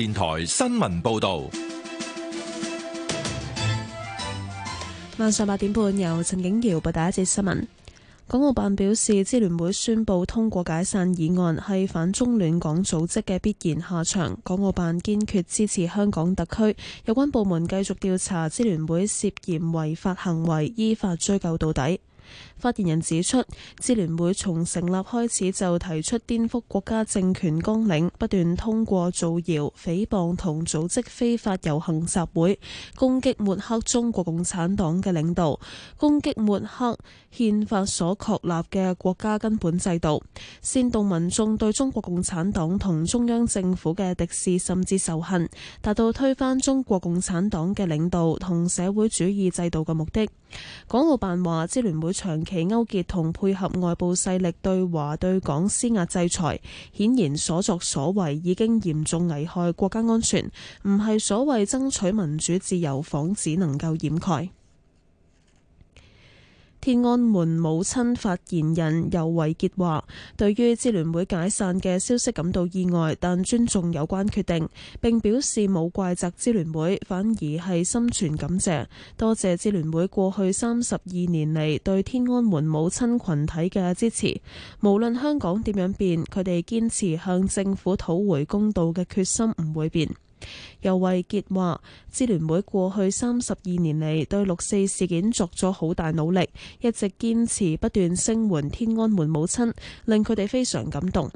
電台新聞報道，晚上八點半由陳景瑤報第一節新聞。港澳辦表示，支聯會宣布通過解散議案，係反中亂港組織嘅必然下場。港澳辦堅決支持香港特區有關部門繼續調查支聯會涉嫌違法行為，依法追究到底。發言人指出，支聯會從成立開始就提出顛覆國家政權綱領，不斷通過造謠、誹謗同組織非法遊行集會，攻擊抹黑中國共產黨嘅領導，攻擊抹黑憲法所確立嘅國家根本制度，煽動民眾對中國共產黨同中央政府嘅敵視甚至仇恨，達到推翻中國共產黨嘅領導同社會主義制度嘅目的。港澳辦話：支聯會長期勾結同配合外部勢力對華對港施壓制裁，顯然所作所為已經嚴重危害國家安全，唔係所謂爭取民主自由幌子能夠掩蓋。天安門母親發言人尤偉杰話，對於支聯會解散嘅消息感到意外，但尊重有關決定，並表示冇怪責支聯會，反而係心存感謝，多謝支聯會過去三十二年嚟對天安門母親群體嘅支持。無論香港點樣變，佢哋堅持向政府討回公道嘅決心唔會變。尤慧傑話，支聯會過去三十二年嚟，對六四事件作咗好大努力，一直堅持不斷聲援天安門母親，令佢哋非常感動。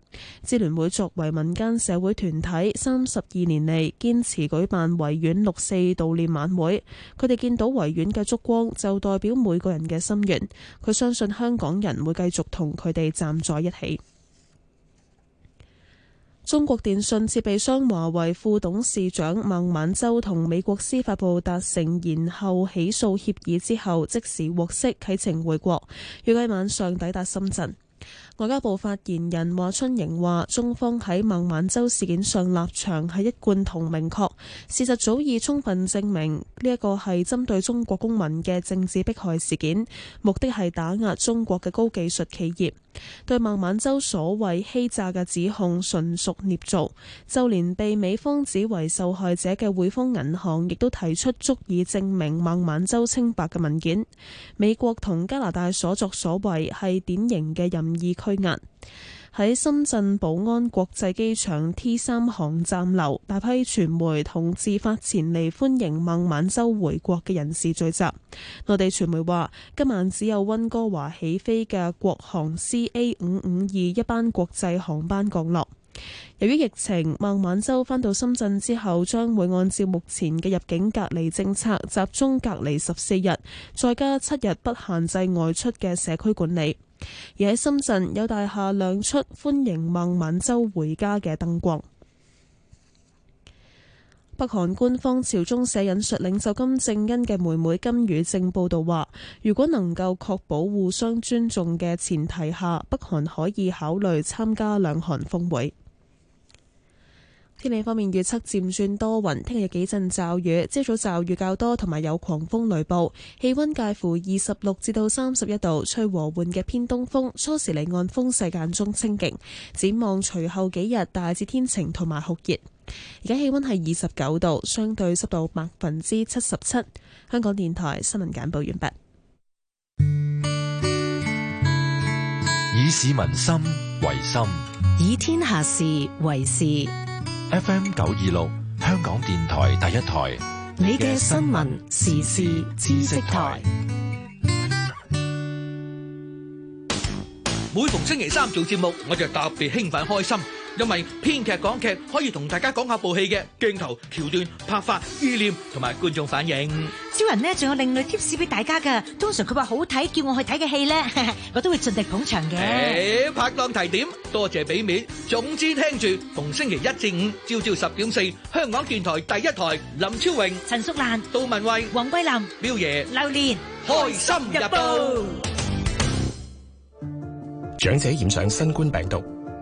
支聯會作為民間社會團體，三十二年嚟堅持舉辦維園六四悼念晚會，佢哋見到維園嘅燭光就代表每個人嘅心願。佢相信香港人會繼續同佢哋站在一起。中國電信設備商華為副董事長孟晚舟同美國司法部達成延後起訴協議之後，即時獲釋啟程回國，預計晚上抵達深圳。外交部發言人華春瑩話：中方喺孟晚舟事件上立場係一貫同明確，事實早已充分證明呢一個係針對中國公民嘅政治迫害事件，目的係打壓中國嘅高技術企業。對孟晚舟所謂欺詐嘅指控純屬捏造，就連被美方指為受害者嘅匯豐銀行，亦都提出足以證明孟晚舟清白嘅文件。美國同加拿大所作所為係典型嘅任意拘押。喺深圳寶安國際機場 T 三航站樓，大批傳媒同自發前嚟歡迎孟晚舟回國嘅人士聚集。內地傳媒話，今晚只有溫哥華起飛嘅國航 C A 五五二一班國際航班降落。由於疫情，孟晚舟返到深圳之後，將會按照目前嘅入境隔離政策，集中隔離十四日，再加七日不限制外出嘅社區管理。而喺深圳有大廈亮出歡迎孟晚舟回家嘅燈光。北韓官方朝中社引述領袖金正恩嘅妹妹金與正報道話，如果能夠確保互相尊重嘅前提下，北韓可以考慮參加兩韓峰會。天氣方面預測漸轉多雲。聽日有幾陣驟雨，朝早驟雨較多，同埋有狂風雷暴。氣溫介乎二十六至到三十一度，吹和緩嘅偏東風。初時離岸風勢間中清勁。展望隨後幾日，大致天晴同埋酷熱。而家氣溫係二十九度，相對濕度百分之七十七。香港電台新聞簡報完畢。以市民心為心，以天下事為事。FM 九二六，香港電台第一台，你嘅新聞時事知識台。每逢星期三做節目，我就特別興奮開心。因為編劇講劇可以同大家講下部戲嘅鏡頭、橋段、拍法、意念同埋觀眾反應。超人咧，仲有另類 tips 俾大家噶。通常佢話好睇，叫我去睇嘅戲咧，我都會盡力捧場嘅。誒，拍檔提點，多謝俾面。總之，聽住逢星期一至五，朝朝十點四，香港電台第一台。林超榮、陳淑蘭、杜汶惠、黃桂林、標爺、榴蓮、開心日報。長者染上新冠病毒。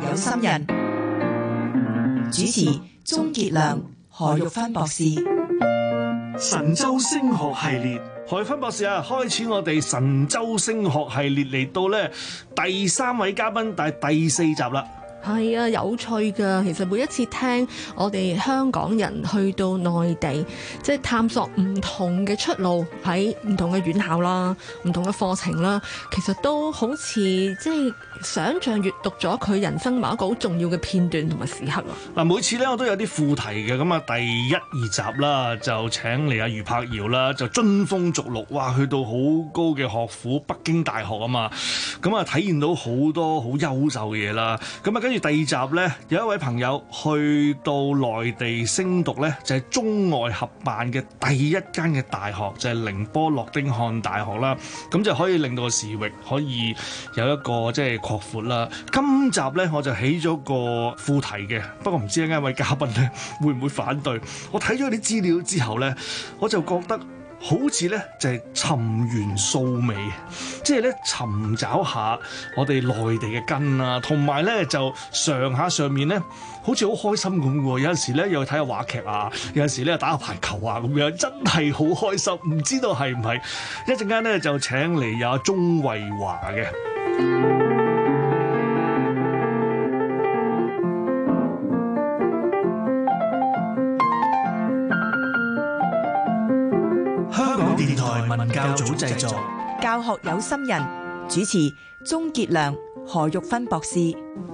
有心人主持，鍾潔良、何玉芬博士。神州升學系列，何玉芬博士啊，開始我哋神州升學系列嚟到咧第三位嘉賓，但係第四集啦。係啊，有趣㗎！其實每一次聽我哋香港人去到內地，即係探索唔同嘅出路，喺唔同嘅院校啦，唔同嘅課程啦，其實都好似即係想像、閱讀咗佢人生某一個好重要嘅片段同埋時刻啊！嗱，每次咧我都有啲副題嘅，咁啊第一二集啦，就請嚟阿余柏堯啦，就追風逐鹿，哇！去到好高嘅學府，北京大學啊嘛，咁啊體驗到好多好優秀嘅嘢啦，咁啊～跟住第二集呢，有一位朋友去到內地升讀呢，就係中外合辦嘅第一間嘅大學，就係寧波諾丁漢大學啦。咁就可以令到個視域可以有一個即係擴闊啦。今集呢，我就起咗個副題嘅，不過唔知呢位嘉賓呢會唔會反對？我睇咗啲資料之後呢，我就覺得，好似咧就係尋源溯味，即係咧尋找下我哋內地嘅根啊，同埋咧就上下上面咧好似好開心咁喎。有陣時咧又去睇下話劇啊，有陣時咧打下排球啊咁樣，真係好開心。唔知道係唔係一陣間咧就請嚟阿鍾慧樺嘅。文教組製作，教學有心人主持，鍾杰良、何玉芬博士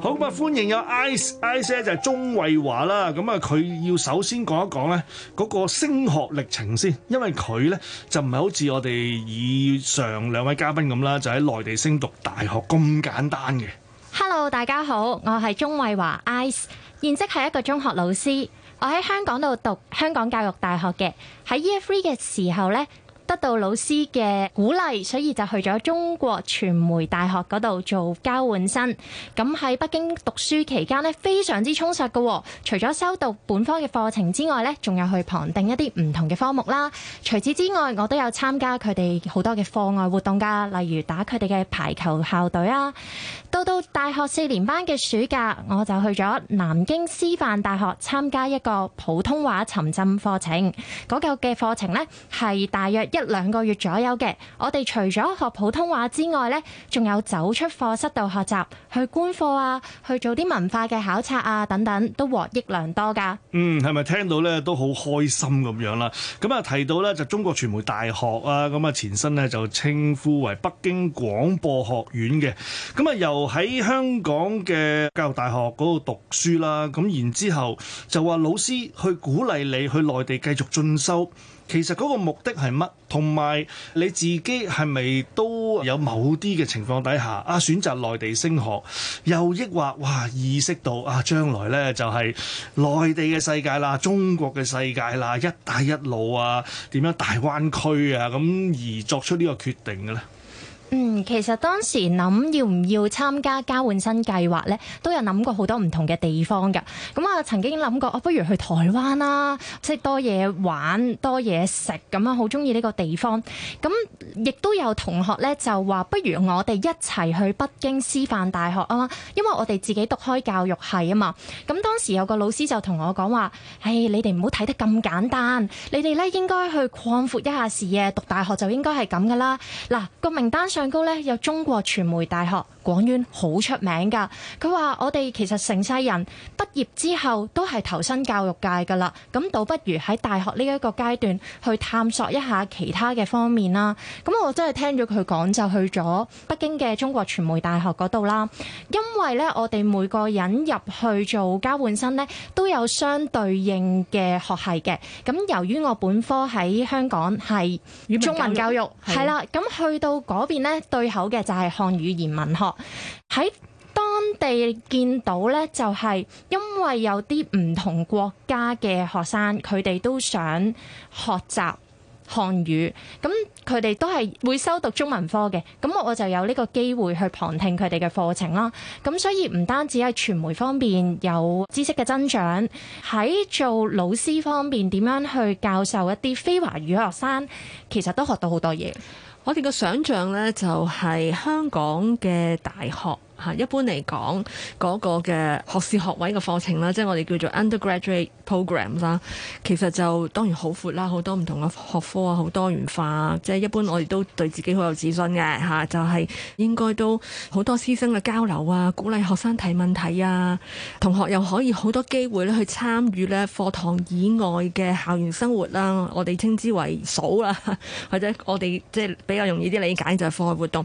好嘛？歡迎有 ice，ice 就係鍾慧樺啦。咁啊，佢要首先講一講咧嗰個升學歷程先，因為佢咧就唔係好似我哋以上兩位嘉賓咁啦，就喺內地升讀大學咁簡單嘅。Hello，大家好，我係鍾慧樺 ice，現職係一個中學老師，我喺香港度讀香港教育大學嘅喺 year 3嘅時候咧。得到老師嘅鼓勵，所以就去咗中國傳媒大學嗰度做交換生。咁喺北京讀書期間呢，非常之充實㗎喎。除咗修讀本科嘅課程之外呢，仲有去旁聽一啲唔同嘅科目啦。除此之外，我都有參加佢哋好多嘅課外活動㗎，例如打佢哋嘅排球校隊啊。到到大學四年班嘅暑假，我就去咗南京師範大學參加一個普通話沉浸課程。嗰個嘅課程呢，係大約一兩個月左右嘅，我哋除咗學普通話之外呢，仲有走出課室度學習，去觀課啊，去做啲文化嘅考察啊，等等都獲益良多噶。嗯，係咪聽到咧都好開心咁樣啦？咁啊提到咧就中國傳媒大學啊，咁啊前身呢就稱呼為北京廣播學院嘅，咁啊由喺香港嘅教育大學嗰度讀書啦。咁然之後就話老師去鼓勵你去內地繼續進修。其實嗰個目的係乜？同埋你自己係咪都有某啲嘅情況底下啊，選擇內地升學，又抑或哇意識到啊，將來呢，就係內地嘅世界啦、中國嘅世界啦、一帶一路啊、點樣大灣區啊咁而作出呢個決定嘅呢？嗯，其實當時諗要唔要參加交換生計劃咧，都有諗過好多唔同嘅地方嘅。咁啊，曾經諗過，不如去台灣啦，即係多嘢玩，多嘢食，咁啊，好中意呢個地方。咁亦都有同學咧就話，不如我哋一齊去北京師範大學啊，因為我哋自己讀開教育系啊嘛。咁當時有個老師就同我講話，誒，你哋唔好睇得咁簡單，你哋咧應該去擴闊一下視野，讀大學就應該係咁噶啦。嗱，個名單上。蛋高咧，有中國傳媒大學。廣院好出名㗎，佢話我哋其實成世人畢業之後都係投身教育界㗎啦，咁倒不如喺大學呢一個階段去探索一下其他嘅方面啦。咁我真係聽咗佢講就去咗北京嘅中國傳媒大學嗰度啦，因為呢，我哋每個人入去做交換生呢，都有相對應嘅學系嘅。咁由於我本科喺香港係中文教育，係啦是，咁去到嗰邊呢對口嘅就係漢語言文學。喺當地見到咧，就係因為有啲唔同國家嘅學生，佢哋都想學習漢語，咁佢哋都係會修讀中文科嘅。咁我就有呢個機會去旁聽佢哋嘅課程啦。咁所以唔單止喺傳媒方面有知識嘅增長，喺做老師方面點樣去教授一啲非華語學生，其實都學到好多嘢。我哋嘅想象咧，就係香港嘅大學。一般嚟講嗰個嘅學士學位嘅課程啦，即係我哋叫做 undergraduate programme 啦，其實就當然好闊啦，好多唔同嘅學科啊，好多元化。即係一般我哋都對自己好有自信嘅嚇，就係、是、應該都好多師生嘅交流啊，鼓勵學生提問題啊，同學又可以好多機會咧去參與咧課堂以外嘅校園生活啦。我哋稱之為數啦，或者我哋即係比較容易啲理解就係課外活動。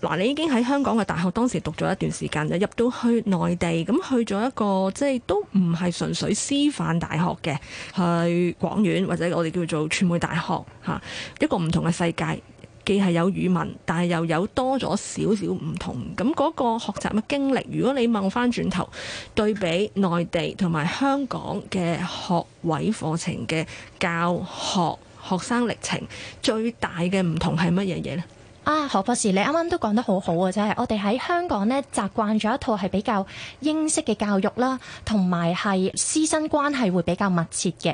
嗱，你已經喺香港嘅大學當時讀咗一段時間就入到去內地，咁去咗一個即係都唔係純粹師範大學嘅，去廣院或者我哋叫做傳媒大學嚇，一個唔同嘅世界，既係有語文，但係又有多咗少少唔同。咁嗰個學習嘅經歷，如果你問翻轉頭對比內地同埋香港嘅學位課程嘅教學、學生歷程，最大嘅唔同係乜嘢嘢呢？啊，何博士，你啱啱都講得好好啊！真係，我哋喺香港呢習慣咗一套係比較英式嘅教育啦，同埋係師生關係會比較密切嘅。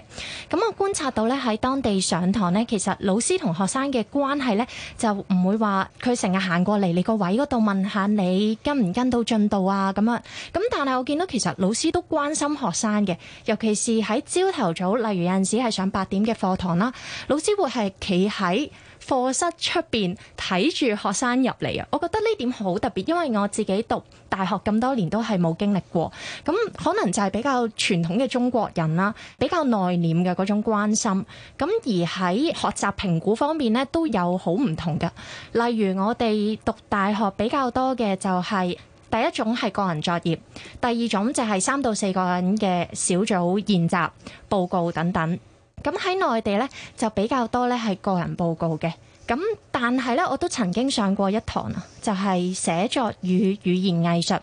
咁我觀察到呢，喺當地上堂呢，其實老師同學生嘅關係呢，就唔會話佢成日行過嚟你個位嗰度問下你跟唔跟到進度啊咁啊。咁但係我見到其實老師都關心學生嘅，尤其是喺朝頭早，例如有陣時係上八點嘅課堂啦，老師會係企喺課室出邊睇住學生入嚟啊！我覺得呢點好特別，因為我自己讀大學咁多年都係冇經歷過。咁可能就係比較傳統嘅中國人啦，比較內斂嘅嗰種關心。咁而喺學習評估方面咧，都有好唔同嘅。例如我哋讀大學比較多嘅就係，第一種係個人作業，第二種就係三到四個人嘅小組研習報告等等。咁喺內地咧，就比較多咧，係個人報告嘅。咁但係咧，我都曾經上過一堂啊，就係寫作與語言藝術。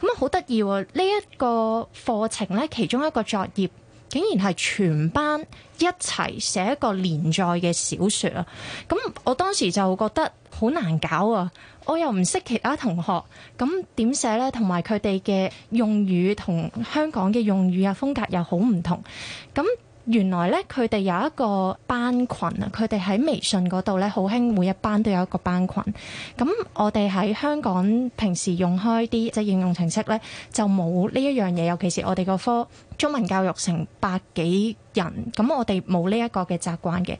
咁啊，好得意呢一個課程咧，其中一個作業竟然係全班一齊寫一個連載嘅小説啊！咁我當時就覺得好難搞啊！我又唔識其他同學，咁點寫咧？同埋佢哋嘅用語同香港嘅用語啊，風格又好唔同，咁。原來咧，佢哋有一個班群啊！佢哋喺微信嗰度咧，好興每一班都有一個班群。咁我哋喺香港平時用開啲即係應用程式咧，就冇呢一樣嘢。尤其是我哋個科中文教育成百幾人，咁我哋冇呢一個嘅習慣嘅。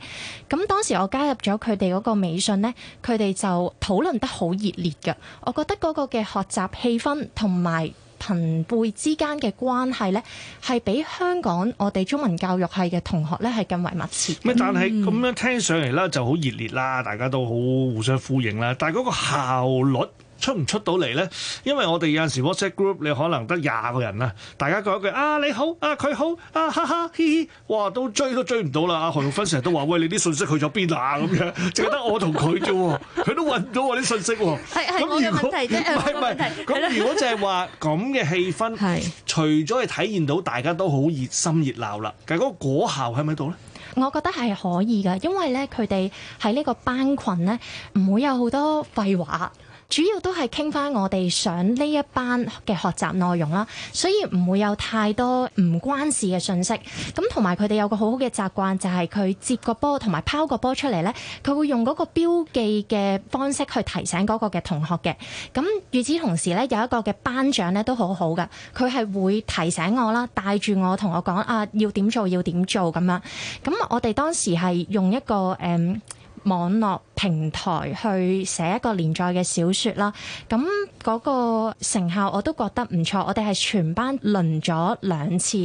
咁當時我加入咗佢哋嗰個微信咧，佢哋就討論得好熱烈㗎。我覺得嗰個嘅學習氣氛同埋……朋輩之間嘅關係呢，係比香港我哋中文教育系嘅同學呢係更為密切。嗯、但係咁樣聽上嚟啦，就好熱烈啦，大家都好互相呼應啦。但係嗰個效率。出唔出到嚟咧？因為我哋有陣時 WhatsApp group，你可能得廿個人啊，大家講一句啊，你好啊，佢好啊，哈哈嘻嘻，哇都追都追唔到啦。阿何玉芬成日都話喂，你啲信息去咗邊啊咁樣，淨係得我同佢啫，佢都揾到我啲信息喎。係，係我嘅問題啫，係問題咁。是題如果就係話咁嘅氣氛，係的除咗係體現到大家都好熱心熱鬧啦，但係嗰個果效喺咪度咧？我覺得係可以㗎，因為咧佢哋喺呢個班群咧唔會有好多廢話。主要都係傾翻我哋上呢一班嘅學習內容啦，所以唔會有太多唔關事嘅信息。咁同埋佢哋有個好好嘅習慣，就係佢接個波同埋拋個波出嚟呢，佢會用嗰個標記嘅方式去提醒嗰個嘅同學嘅。咁與此同時呢，有一個嘅班長呢都好好嘅，佢係會提醒我啦，帶住我同我講啊，要點做要點做咁樣。咁我哋當時係用一個誒、嗯網絡平台去寫一個連載嘅小説啦，咁嗰個成效我都覺得唔錯。我哋係全班輪咗兩次，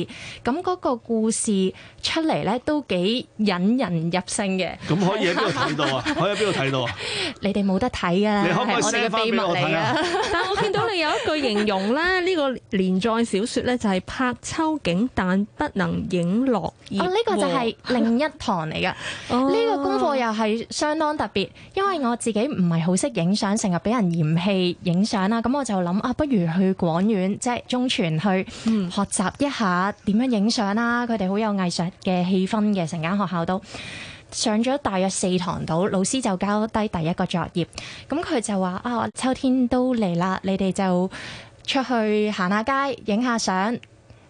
咁嗰個故事出嚟咧都幾引人入勝嘅。咁可以喺邊度睇到啊？可以喺邊度睇到？啊？你哋冇得睇啊。你可唔可以㗎，我哋嘅秘密嚟啊！但我見到你有一句形容咧，呢、這個連載小説咧就係拍秋景，但不能影落葉。哦、呢、這個就係另一堂嚟㗎。呢、 哦、個功課又係。相當特別，因為我自己唔係好識影相，成日俾人嫌棄影相啦。咁我就諗啊，不如去廣院即係中傳去學習一下點樣影相啦。佢哋好有藝術嘅氣氛嘅，成間學校都上咗大約四堂到，老師就交低第一個作業。咁佢就話啊，秋天都嚟啦，你哋就出去行下街，影下相。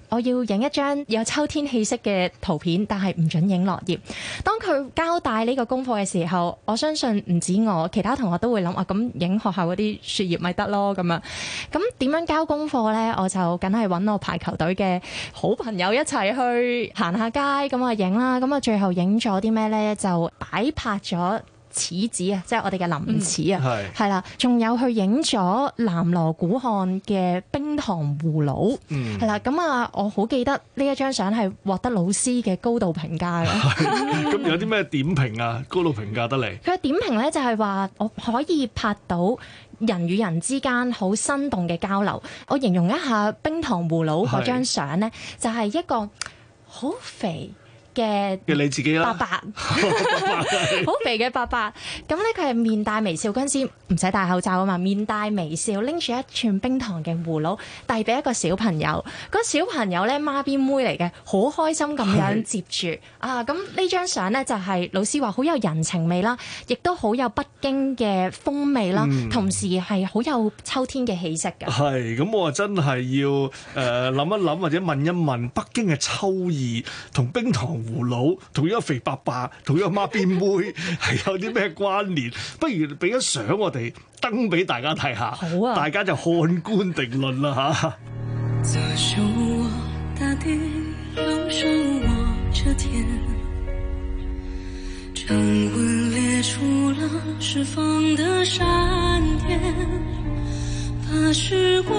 我要影一張有秋天氣息嘅圖片，但係唔准影落葉。當佢交代呢個功課嘅時候，我相信唔止我，其他同學都會諗話咁影學校嗰啲樹葉咪得咯，咁啊。咁點樣交功課呢？我就梗係揾我排球隊嘅好朋友一齊去行下街，咁啊影啦。咁啊最後影咗啲咩呢？就擺拍咗。柿子啊，即係我哋嘅冧柿啊，係啦、嗯，仲有去影咗南鑼鼓巷嘅冰糖葫蘆，係啦、嗯，咁啊，我好記得呢一張相係獲得老師嘅高度評價嘅。咁有啲咩點評啊？高度評價得嚟？佢點評咧就係話，我可以拍到人與人之間好生動嘅交流。我形容一下冰糖葫蘆嗰張相咧，是就係一個好肥。嘅，你自己白白，好爸 肥嘅白白，咁咧佢係面帶微笑，嗰陣時唔使戴口罩啊嘛，面帶微笑拎住一串冰糖嘅葫蘆，遞俾一個小朋友，嗰個小朋友咧孖辮妹嚟嘅，好開心咁樣接住是啊！咁呢張相咧就係老師話好有人情味啦，亦都好有北京嘅風味啦，同時係好有秋天嘅氣息嘅。係、嗯，咁 我真係要誒諗一諗或者問一問北京嘅秋意同冰糖。糊佬同一個肥伯伯同一個孖邊妹係 有啲咩關聯？不如俾一相我哋登俾大家睇下，好啊，大家就看官定論啦嚇。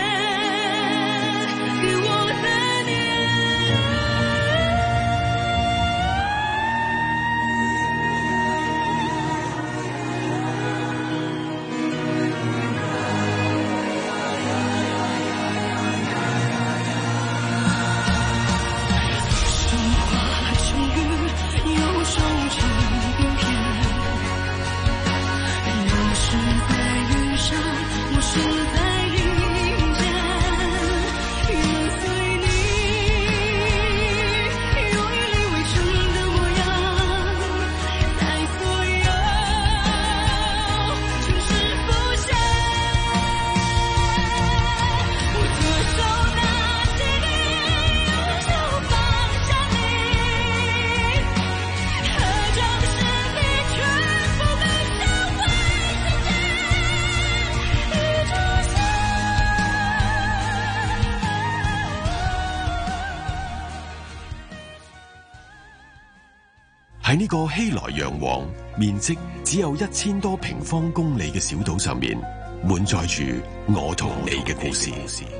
呢個熙來攘往，面積只有一千多平方公里嘅小島上面，滿載住我同你嘅故事。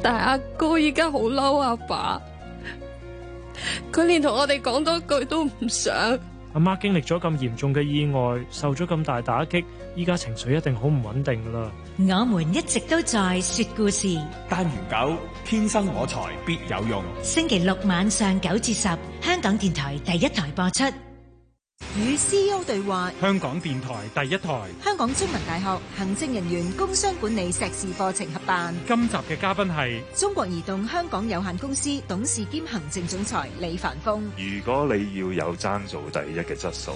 但阿哥依家好嬲阿爸，佢連同我哋講多句都唔想。阿媽經歷咗咁嚴重嘅意外，受咗咁大打擊，依家情緒一定好唔穩定啦。我們一直都在說故事。單元九，天生我才必有用。星期六晚上九至十，香港電台第一台播出。與 CEO 對話，香港電台第一台，香港中文大學行政人員工商管理碩士課程合辦。今集嘅嘉賓係中國移動香港有限公司董事兼行政總裁李凡峰。如果你要有爭做第一嘅質素，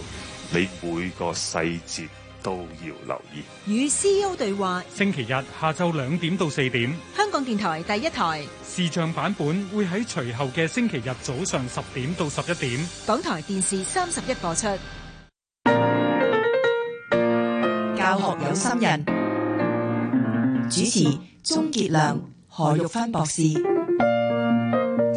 你每個細節都要留意。與 CEO 對話，星期日下晝兩點到四點，香港電台第一台視像版本會喺隨後嘅星期日早上十點到十一點，港台電視三十一播出。教學有心人，主持鍾傑良、何玉芬博士，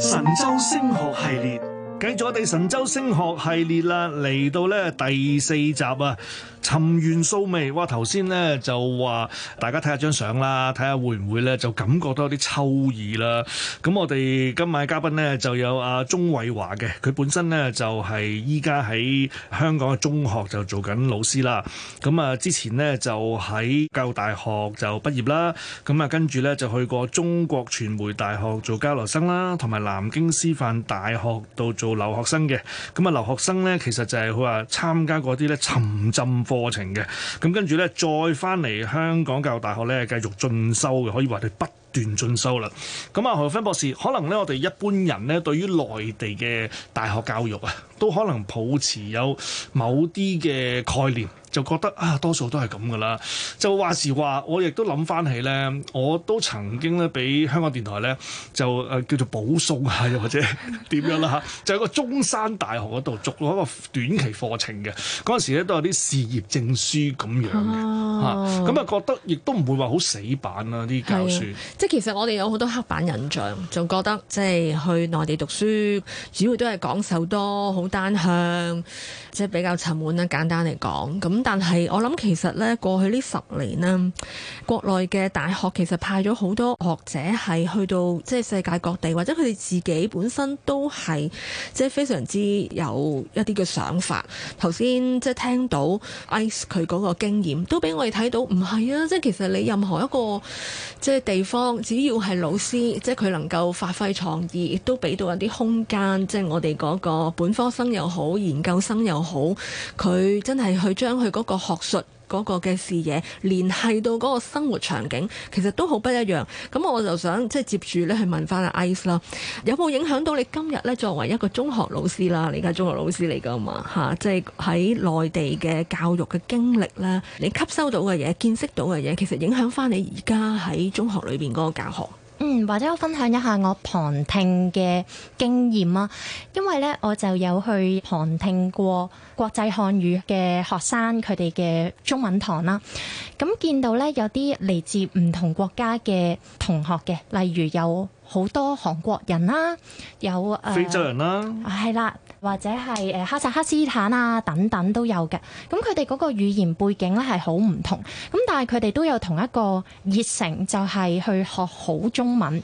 神州升學系列。繼續我哋神州升學系列啦，嚟到咧第四集啊！尋源溯味，哇！頭先咧就話，大家睇下張相啦，睇下會唔會咧就感覺到有啲秋意啦。咁我哋今晚嘉賓咧就有阿、啊、鍾慧樺嘅，佢本身咧就係依家喺香港嘅中學就做緊老師啦。咁啊，之前咧就喺教大學就畢業啦。咁啊，跟住咧就去過中國傳媒大學做交流生啦，同埋南京師範大學度做，留學生嘅，咁啊，留學生咧，其實就係佢話參加嗰啲咧沉浸課程嘅。咁跟住咧再翻嚟香港教育大學咧繼續進修嘅，可以話佢不斷進修啦。咁、嗯、啊，何芬博士，可能咧我哋一般人咧對於內地嘅大學教育啊，都可能抱持有某啲嘅概念。就覺得啊，多數都係咁噶啦。就話時話，我亦都諗翻起咧，我都曾經咧，俾香港電台咧，就誒、呃、叫做保送啊，又或者點樣啦嚇， 就喺個中山大學嗰度讀咗一個短期課程嘅。嗰陣時咧，都有啲事業證書咁樣嘅嚇，咁、oh. 啊就覺得亦都唔會話好死板啦啲教書。即係其實我哋有好多刻板印象，仲覺得即係去內地讀書，主要都係講授多，好單向，即係比較沉悶啦。簡單嚟講，咁。咁但係我諗其實咧過去呢十年咧，國內嘅大學其實派咗好多學者係去到即係世界各地，或者佢哋自己本身都係即係非常之有一啲嘅想法。頭先即係聽到 Ice 佢個經驗，都俾我哋睇到唔係啊！即係其實你任何一個即係地方，只要係老師，即係佢能夠發揮創意，亦都俾到一啲空間，即係我哋個本科生又好，研究生又好，佢真係去將佢。嗰個學術嗰個嘅視野，聯繫到嗰個生活場景，其實都好不一樣，咁我就想即係接住咧，去問翻阿 Ice 啦，有冇影響到你今日咧作為一個中學老師啦？你而家中學老師嚟噶嘛？吓、啊，即係喺內地嘅教育嘅經歷啦，你吸收到嘅嘢、見識到嘅嘢，其實影響翻你而家喺中學裏邊嗰個教學。嗯，或者我分享一下我旁聽嘅經驗啦。因為咧我就有去旁聽過國際漢語嘅學生佢哋嘅中文堂啦，咁見到咧有啲嚟自唔同國家嘅同學嘅，例如有。好多韓國人啦、啊，有、呃、非洲人啦、啊，係啦、啊，或者係誒哈薩克斯坦啊等等都有嘅。咁佢哋嗰個語言背景咧係好唔同，咁但係佢哋都有同一個熱誠，就係、是、去學好中文。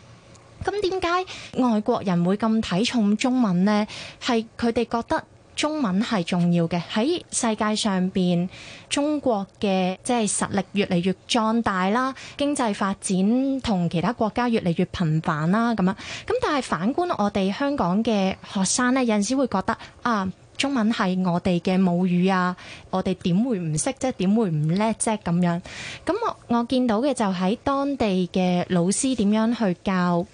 咁點解外國人會咁睇重中文呢？係佢哋覺得。中文係重要嘅，喺世界上面，中國嘅即係實力越嚟越壯大啦，經濟發展同其他國家越嚟越頻繁啦，咁樣。咁但係反觀我哋香港嘅學生呢，有陣時會覺得啊，中文係我哋嘅母語啊，我哋點會唔識，即係點會唔叻啫，咁樣。咁我我見到嘅就喺當地嘅老師點樣去教。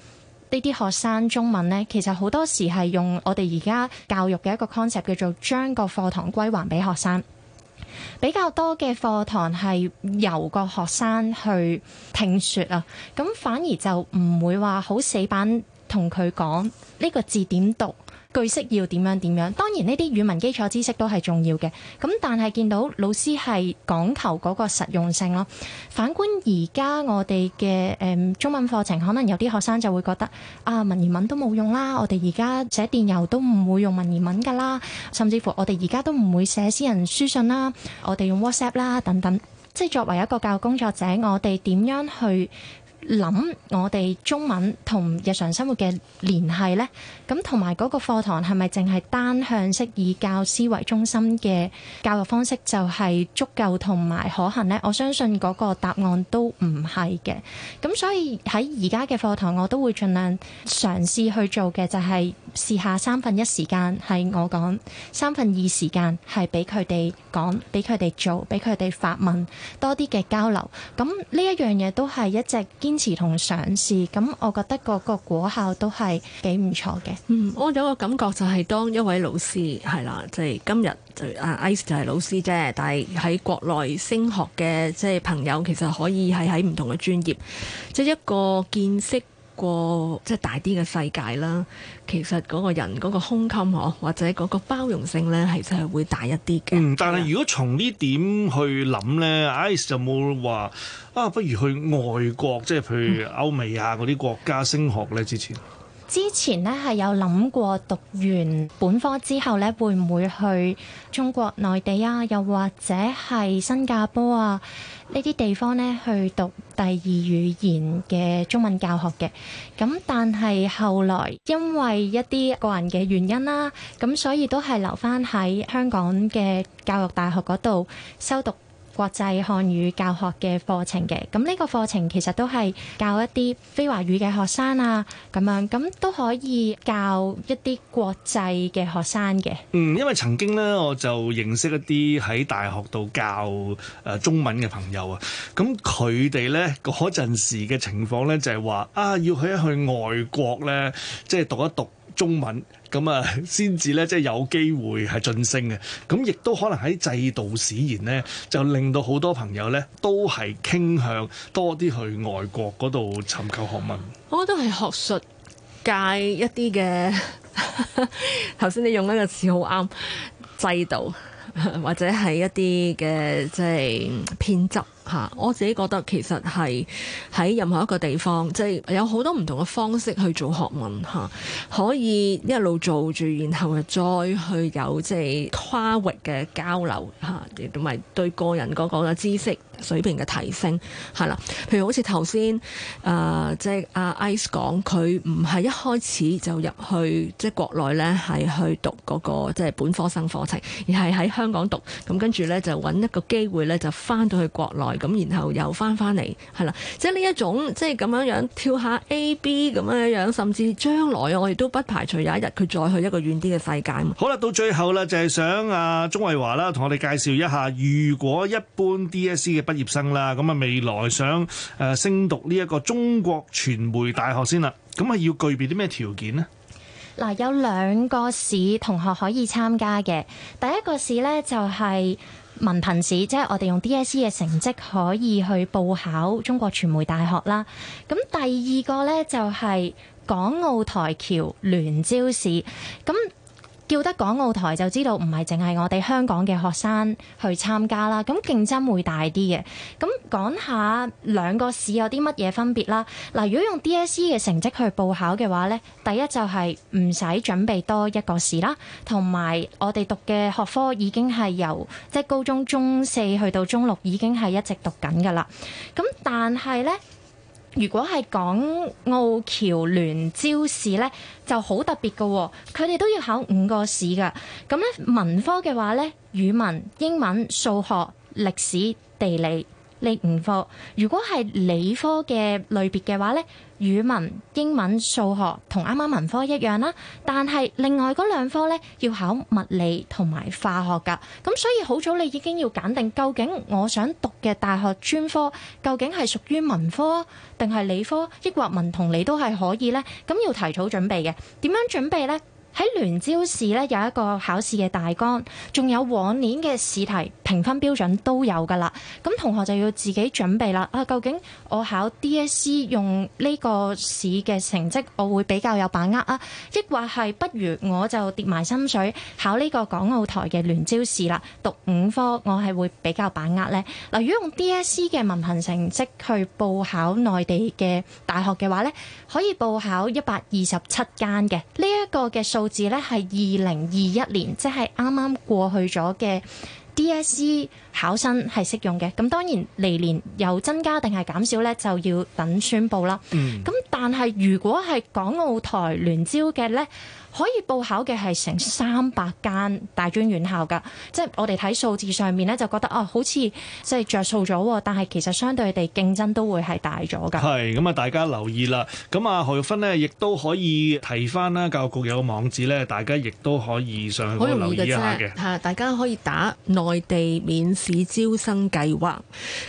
呢啲學生中文呢，其實好多時係用我哋而家教育嘅一個 concept，叫做將個課堂歸還畀學生，比較多嘅課堂係由個學生去聽説啊，噉反而就唔會話好死板同佢講呢個字點讀。句式要點樣點樣？當然呢啲語文基礎知識都係重要嘅，咁但係見到老師係講求嗰個實用性咯。反觀而家我哋嘅誒中文課程，可能有啲學生就會覺得啊文言文都冇用啦，我哋而家寫電郵都唔會用文言文噶啦，甚至乎我哋而家都唔會寫私人書信啦，我哋用 WhatsApp 啦等等。即係作為一個教育工作者，我哋點樣去？諗我哋中文同日常生活嘅聯繫呢，咁同埋嗰個課堂係咪淨係單向式以教師為中心嘅教育方式就係足夠同埋可行呢？我相信嗰個答案都唔係嘅。咁所以喺而家嘅課堂，我都會盡量嘗試去做嘅，就係試下三分一時間係我講，三分二時間係俾佢哋講，俾佢哋做，俾佢哋發問多啲嘅交流。咁呢一樣嘢都係一直堅持同上市，咁我覺得嗰個果效都係幾唔錯嘅。嗯，我有個感覺就係當一位老師係啦，即係、就是、今日就啊 Ice 就係老師啫，但係喺國內升學嘅即係朋友其實可以係喺唔同嘅專業，即、就、係、是、一個見識。過即係大啲嘅世界啦，其實嗰個人嗰個胸襟呵，或者嗰個包容性咧，其實係會大一啲嘅。嗯，但係如果從呢點去諗咧，ice 有冇話啊？不如去外國，即係譬如歐美啊嗰啲國家升學咧，之前。 之前咧係有諗過讀完本科之後咧，會唔會去中國內地啊，又或者係新加坡啊呢啲地方咧去讀第二語言嘅中文教學嘅。咁但係後來因為一啲個人嘅原因啦、啊，咁所以都係留翻喺香港嘅教育大學嗰度修讀國際漢語教學嘅課程嘅，咁呢個課程其實都係教一啲非華語嘅學生啊，咁樣咁都可以教一啲國際嘅學生嘅。嗯，因為曾經呢，我就認識一啲喺大學度教誒中文嘅朋友啊，咁佢哋呢嗰陣時嘅情況呢，就係話啊，要去一去外國呢，即係讀一讀中文。咁啊，先至咧，即係有機會係晉升嘅。咁亦都可能喺制度使然呢，就令到好多朋友呢都係傾向多啲去外國嗰度尋求學問。我覺得都係學術界一啲嘅，頭先你用嗰個詞好啱，制度或者係一啲嘅即係偏執。嚇！我自己覺得其實係喺任何一個地方，即係有好多唔同嘅方式去做學問嚇，可以一路做住，然後再去有即係跨域嘅交流嚇，同埋對個人嗰個嘅知識水平嘅提升係啦。譬如好似頭先誒，即係阿 Ice 講，佢唔係一開始就入去即係國內咧，係去讀嗰個即係本科生課程，而係喺香港讀，咁跟住呢，就揾一個機會呢，就翻到去國內。咁然後又翻翻嚟，係啦，即係呢一種即係咁樣樣跳下 A B 咁樣樣，甚至將來我哋都不排除有一日佢再去一個遠啲嘅世界。好啦，到最後、就是啊、啦，就係想啊，鍾慧樺啦，同我哋介紹一下，如果一般 D S E 嘅畢業生啦，咁啊未來想誒、呃、升讀呢一個中國傳媒大學先啦，咁啊要具備啲咩條件呢？嗱，有兩個試同學可以參加嘅。第一個試呢，就係文憑試，即係我哋用 DSE 嘅成績可以去報考中國傳媒大學啦。咁第二個呢，就係港澳台僑聯招試。咁叫得港澳台就知道，唔係淨係我哋香港嘅學生去參加啦。咁競爭會大啲嘅。咁講下兩個試有啲乜嘢分別啦？嗱，如果用 DSE 嘅成績去報考嘅話咧，第一就係唔使準備多一個試啦，同埋我哋讀嘅學科已經係由即係高中中四去到中六已經係一直讀緊噶啦。咁但係咧。如果係港澳僑聯招試呢，就好特別嘅，哦，佢哋都要考五個試嘅。咁咧，文科嘅話呢，語文、英文、數學、歷史、地理呢五科。如果係理科嘅類別嘅話呢。語文、英文、數學同啱啱文科一樣啦，但係另外嗰兩科呢，要考物理同埋化學㗎，咁所以好早你已經要揀定究竟我想讀嘅大學專科究竟係屬於文科定係理科，抑或文同理都係可以呢？咁要提早準備嘅，點樣準備呢？喺聯招試咧有一個考試嘅大綱，仲有往年嘅試題評分標準都有㗎啦。咁同學就要自己準備啦。啊，究竟我考 DSE 用呢個試嘅成績，我會比較有把握啊？抑或係不如我就跌埋心水考呢個港澳台嘅聯招試啦？讀五科我係會比較把握呢。嗱、啊，如果用 DSE 嘅文憑成績去報考內地嘅大學嘅話呢，可以報考一百二十七間嘅呢一個嘅數。導致咧係二零二一年，即係啱啱過去咗嘅 DSE 考生係適用嘅。咁當然嚟年有增加定係減少呢，就要等宣布啦。嗯，咁。但係如果係港澳台聯招嘅呢，可以報考嘅係成三百間大專院校㗎，即係我哋睇數字上面呢，就覺得哦，好似即係着數咗，但係其實相對地競爭都會係大咗㗎。係咁啊，大家留意啦。咁啊，何玉芬呢，亦都可以提翻啦，教育局有個網址呢，大家亦都可以上去留意一下嘅。嚇下，大家可以打內地免試招生計劃。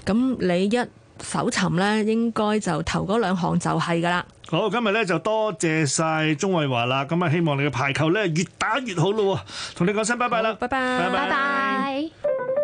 咁你一搜尋咧，應該就頭嗰兩行就係噶啦。好，今日咧就多謝晒鍾慧樺啦。咁啊，希望你嘅排球咧越打越好咯。同你講聲拜拜啦，拜拜，拜拜。